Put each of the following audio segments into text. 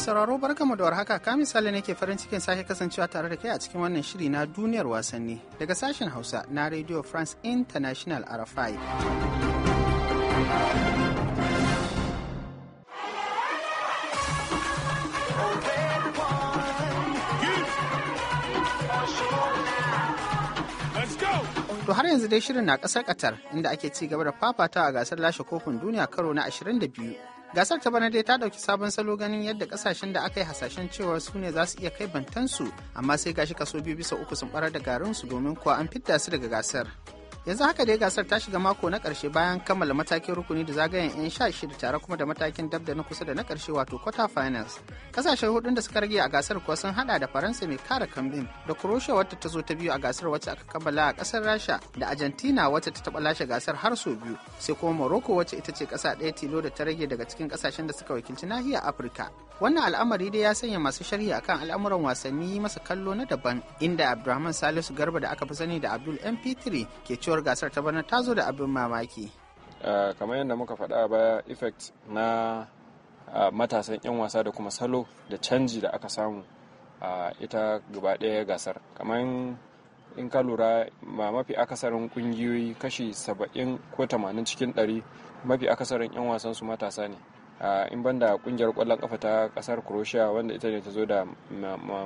sauraro barkamu da warhaka ka misali ke farin cikin sake kasancewa tare da kai a cikin wannan shiri na duniyar wasanni daga sashen Hausa na Radio France International RFI. To har yanzu dai shirin na ƙasar Qatar inda ake ci gaba da fafata a gasar lashe kofin duniya karo na 22 gasar ta bana dai ta dauki sabon salo ganin yadda kasashen da aka yi hasashen cewa su ne za su iya kai bantansu amma sai gashi kaso biyu bisa uku sun barar da garinsu domin kuwa an fidda su daga gasar yanzu haka dai gasar ta shiga mako na karshe bayan kammala matakin rukuni da zagayen 'yan sha shida tare kuma da matakin dab da na kusa da na karshe wato quarter finals kasashen hudun da suka rage a gasar kuwa sun hada da faransa mai kara kambin da croatia wata ta zo ta biyu a gasar wacce aka kammala a kasar rasha da argentina wacce ta taba lashe gasar har sau biyu sai kuma morocco wacce ita ce kasa ɗaya tilo da ta rage daga cikin kasashen da suka wakilci nahiyar afirka wannan al'amari dai ya sanya masu sharhi akan al'amuran wasanni masa kallo na daban inda abdulrahman salisu garba da aka fi sani da abdul mp3 ke cewar gasar ta bana ta zo da abin mamaki ah, kamar yadda muka faɗa baya effect na ah, matasan 'yan wasa da kuma salo da canji da aka samu a ah, ita gaba ɗaya gasar kamar in ka lura ma mafi akasarin kungiyoyi kashi 70 ko 80 cikin 100 mafi akasarin 'yan wasan su matasa ne in banda kungiyar kwallon kafa ta kasar croatia wanda ita ne ta zo da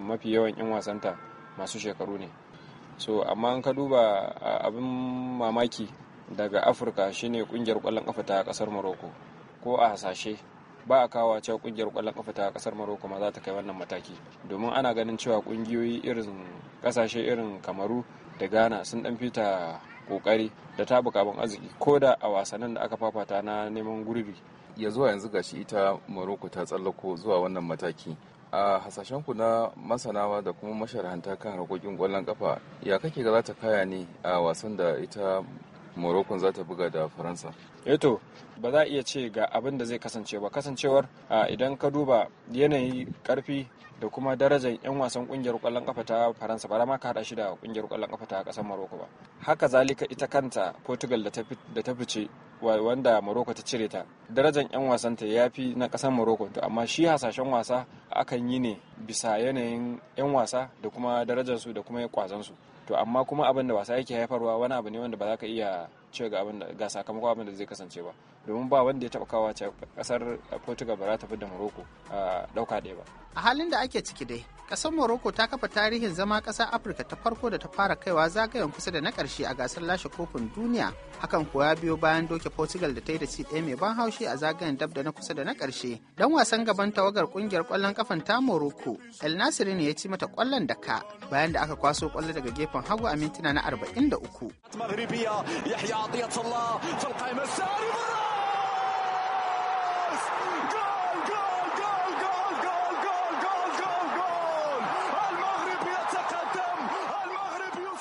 mafi yawan 'yan wasanta masu shekaru ne so amma an ka duba abin mamaki daga afirka shine kungiyar kwallon kafa ta kasar morocco ko a hasashe ba a kawo cewa kungiyar kwallon kafa ta kasar Morocco ma za ta kai wannan mataki domin ana ganin cewa kungiyoyi irin kasashe irin Kamaru da Ghana sun dan fita kokari da ta bukabin arziki ko da a wasannin da aka fafata na neman gurbi ya zuwa yanzu gashi ita Maroko ta tsallako zuwa wannan mataki. A hasashen ku na masanawa da kuma masharhanta kan harkokin ƙwallon kafa ya kake ga za ta kaya ne a wasan da ita morocco za ta buga da faransa eto eh ba za a iya ce ga abin da zai kasance ba kasancewar idan ka duba yanayi karfi da kuma darajar 'yan wasan kungiyar kwallon kafa ta faransa ba ma ka hada shi da kungiyar kwallon kafa ta kasar morocco ba haka zalika ita kanta portugal da ta fice wanda morocco ta cire ta darajar 'yan wasanta ya fi na kasar morocco to amma shi hasashen wasa akan yi ne bisa yanayin 'yan wasa da kuma darajarsu da kuma su. to amma kuma abin da wasa yake haifarwa wani abu ne wanda ba za ka iya ce ga abin ga sakamakon abin da zai kasance ba domin ba wanda ya taɓa kawo ce ƙasar portugal ba za ta fi da morocco a ɗauka ɗaya ba a halin da ake ciki dai ƙasar morocco ta kafa tarihin zama kasar afirka ta farko da ta fara kaiwa zagayen kusa da na karshe a gasar lashe kofin duniya hakan kuwa biyo bayan doke portugal da ta yi da ci ɗaya mai ban haushi a zagayen dab da na kusa da na karshe dan wasan gaban tawagar kungiyar kwallon kafan ta morocco el nasiri ne ya ci mata kwallon da ka bayan da aka kwaso kwallo daga gefen hagu a mintuna na 43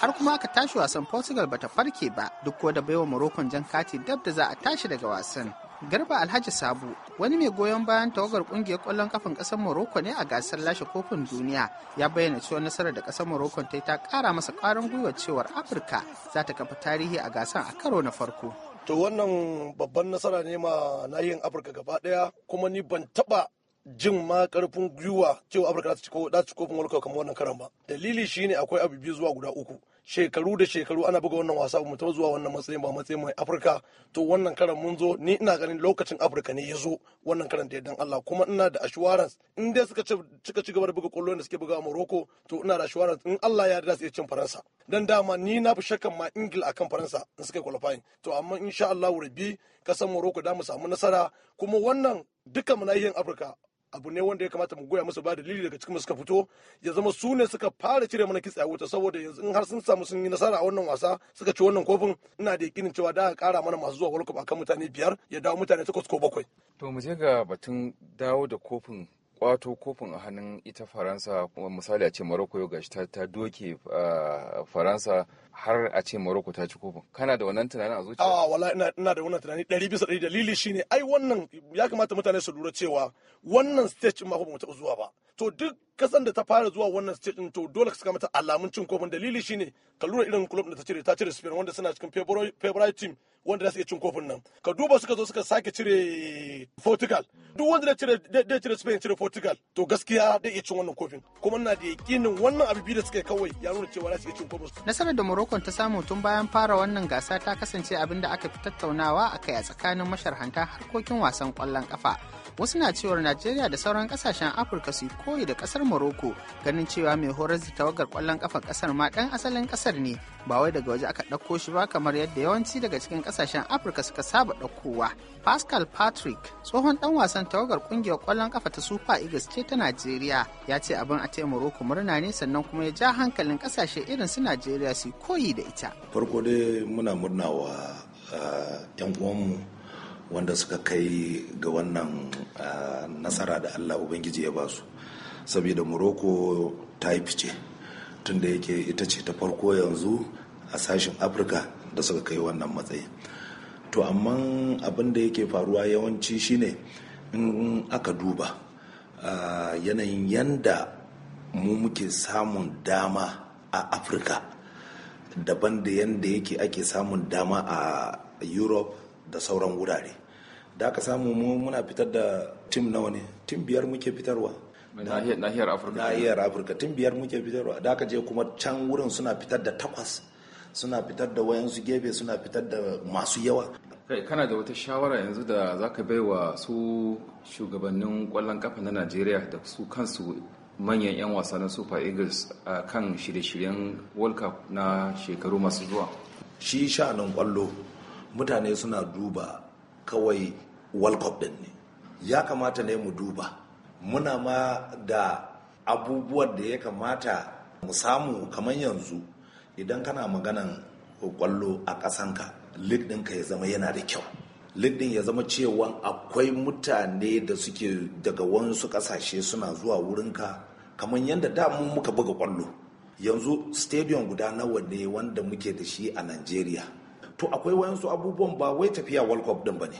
har kuma aka tashi wasan portugal bata farke ba duk da baiwa morocco jan kati dab da za a tashi daga wasan garba alhaji sabu wani mai goyon bayan tawagar kungiyar kwallon kafin kasar morocco ne a gasar lashe kofin duniya ya bayyana cewa nasarar da kasar morocco ta ta kara masa karin gwiwa cewar afirka za ta kafa tarihi a gasar a karo na farko to wannan babban nasara ne ma yin afirka gaba daya kuma ni ban taba jin ma karfin gwiwa cewa afirka za ta ciko kofin world kamar wannan karan ba dalili shine akwai abu biyu zuwa guda uku shekaru da shekaru ana buga wannan wasa mu ta zuwa wannan matsayin ba matsayin mai afirka to wannan karan mun zo ni ina ganin lokacin afirka ne ya zo wannan karan da yardan allah kuma ina da assurance in dai suka cika ci gaba da buga kwallon da suke buga a morocco to ina da assurance in allah ya yarda su cin faransa dan dama ni na fi shakkan ma ingila akan faransa in suka qualifying to amma insha allah rabi kasan morocco da mu samu nasara kuma wannan dukkan nahiyar afirka abu ne wanda ya kamata mu goya musu ba dalili daga cikin suka fito ya zama su ne suka fara cire mana kitse a wuta saboda yanzu in har sun samu sun yi nasara a wannan wasa suka ci wannan kofin ina da yakinin cewa da kara mana masu zuwa World Cup akan mutane biyar ya dawo mutane takwas ko bakwai to mu je ga batun dawo da kofin kwato kofin a hannun ita faransa kuma misali a ce morocco yau gashi ta doke faransa har a ce morocco ta ci kofin kana da wannan tunanin a zuciya a ah, wala ina da wannan tunani ɗari bisa ɗari dalili shine ai wannan ya kamata mutane su lura cewa wannan stage ma ba mu taɓa zuwa ba to duk kasan da ta fara zuwa wannan state din to dole ka mata alamun cin kofin dalili shine ka lura irin club da ta cire ta cire Spain wanda suna cikin February team wanda za su iya cin kofin nan ka duba suka zo suka sake cire Portugal duk wanda da cire da cire Spain cire Portugal to gaskiya da iya cin wannan kofin kuma ina da yakinin wannan abu da suka yi kawai ya nuna cewa za su iya cin kofin nasarar da Morocco ta samu tun bayan fara wannan gasa ta kasance abin da aka fi tattaunawa akai a tsakanin masharhanta harkokin wasan kwallon kafa wasu na cewar najeriya da sauran kasashen afirka su koyi da kasar morocco ganin cewa mai horar da tawagar kwallon kafa kasar ma dan asalin kasar ne ba wai daga waje aka ɗauko shi ba kamar yadda yawanci daga cikin kasashen afirka suka saba ɗaukowa pascal patrick tsohon dan wasan tawagar kungiyar kwallon kafa ta super eagles ce ta najeriya ya ce abin a taya morocco murna ne sannan kuma ya ja hankalin kasashe irin su najeriya su koyi da ita farko dai muna murna wa 'yan ah, wanda suka kai ga wannan nasara da allah ubangiji ya ba su saboda morocco ta yi fice tunda yake ita ce ta farko yanzu a sashen afirka da suka kai wannan matsayi to amma abin da yake faruwa yawanci shine in aka duba yanayin yanda mu muke samun dama a afirka daban da yanda yake ake samun dama a europe da sauran wurare da aka samu mu muna fitar da tim nawa ne tim biyar muke fitarwa nahiyar afirka nahiyar afirka tim biyar muke fitarwa da aka je kuma can wurin suna fitar da takwas suna fitar da wayansu gefe suna fitar da masu yawa kai kana da wata shawara yanzu da zaka bai wa su shugabannin kwallon kafa na najeriya da su kansu manyan 'yan wasa na super eagles a kan shirye-shiryen world cup na shekaru masu zuwa shi sha'anin kwallo mutane suna duba kawai world cup din ne ya kamata ne mu duba muna ma da abubuwan da ya kamata mu samu kamar yanzu idan kana maganan kwallo a ƙasanka league ka ya zama yana da kyau league ya zama cewa akwai mutane da suke daga wasu ƙasashe suna zuwa wurinka kamar yadda da muka buga kwallo yanzu stadium guda nawa ne wanda muke da shi a nigeria to akwai wayansu abubuwan ba wai tafiya world cup din ba ne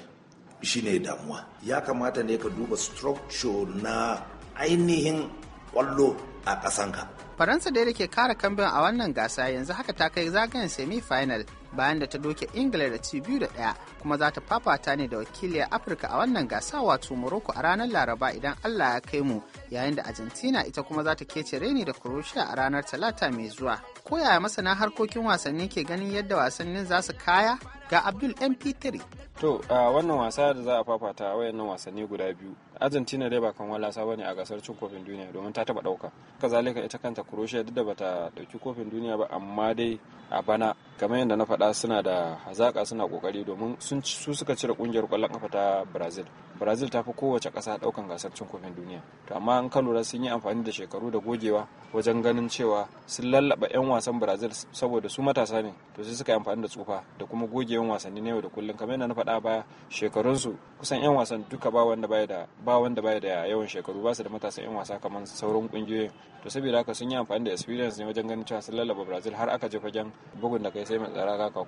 ne damuwa ya kamata ne ka duba structure na ainihin kwallo a ƙasanka faransa da ke kara kambin a wannan gasa yanzu haka ta kai zagayen semi final bayan da ta doke ingila da ci biyu da ɗaya kuma za ta fafata ne da wakiliyar afirka a wannan gasa wato morocco a ranar laraba idan allah ya kai mu yayin da argentina ita kuma za ta kece reni da croatia a ranar talata mai zuwa koyaya masana harkokin wasanni ke ganin yadda wasannin za su kaya ga abdul mp3 to a wannan wasa da za a fafata wayannan wasanni guda biyu argentina dai ba kan walasa ba ne a gasar cin kofin duniya domin ta taba dauka kazalika ita kanta croatia duk da bata dauki kofin duniya ba amma dai a bana kamar yadda na faɗa suna da hazaƙa suna ƙoƙari domin sun su suka cire ƙungiyar ƙwallon ƙafa ta brazil brazil ta fi kowace ƙasa ɗaukan gasar cin kofin duniya to amma an kan lura sun yi amfani da shekaru da gogewa wajen ganin cewa sun lallaɓa 'yan wasan brazil saboda su matasa ne to sai suka yi amfani da tsufa da kuma gogewan wasanni na yau da kullum kamar yadda na faɗa baya shekarunsu kusan 'yan wasan duka ba wanda baya da ba wanda baya da yawan shekaru ba su da matasa 'yan wasa kamar sauran ƙungiyoyin to saboda haka sun yi amfani da experience ne wajen ganin cewa sun lallaɓa brazil har aka je fagen bugun da kai kai sai mai tsara kaka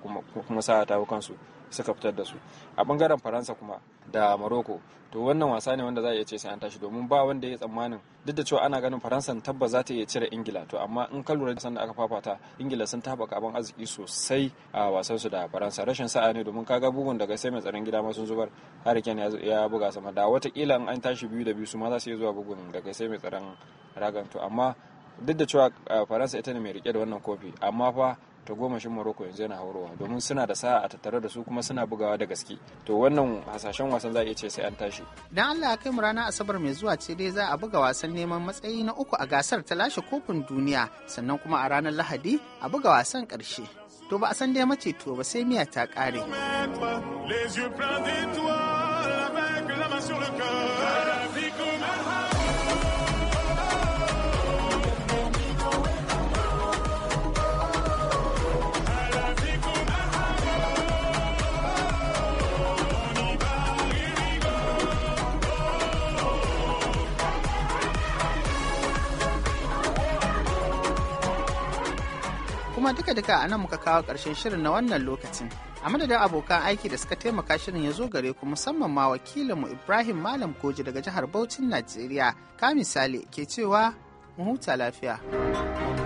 kuma sa ta kansu suka fitar da su a bangaren faransa kuma da maroko to wannan wasa ne wanda za a iya ce sai an tashi domin ba wanda ya tsammanin duk da cewa ana ganin faransa tabbas za ta iya cire ingila to amma in ka lura da aka fafata ingila sun taba kaban arziki sosai a wasan su da faransa rashin sa'a ne domin kaga bugun daga sai mai tsaron gida ma sun zubar hariken ya buga sama da watakila in an tashi biyu da biyu su ma za su iya zuwa bugun daga sai mai tsaron ragan to amma duk da cewa eh, faransa ita ne mai rike da wannan kofi amma fa ta goma shi Morocco yanzu yana haurowa domin suna da sa'a a tattare da su kuma suna bugawa da gaske to wannan hasashen wasan za a iya ce sai an tashi dan Allah kai mu rana asabar mai zuwa ce dai za a buga wasan neman matsayi na uku a gasar ta lashe kofin duniya sannan kuma a ranar Lahadi a buga wasan karshe to ba a san dai mace to ba sai miya ta kare les yeux pleins d'étoiles avec la main sur le cœur duka-duka a nan muka kawo ƙarshen shirin na wannan lokacin. A madadin abokan aiki da suka taimaka shirin ya zo gare ku musamman ma wakilinmu Ibrahim Malam Koji daga jihar Bauchin Najeriya, ka misali ke cewa mu huta lafiya.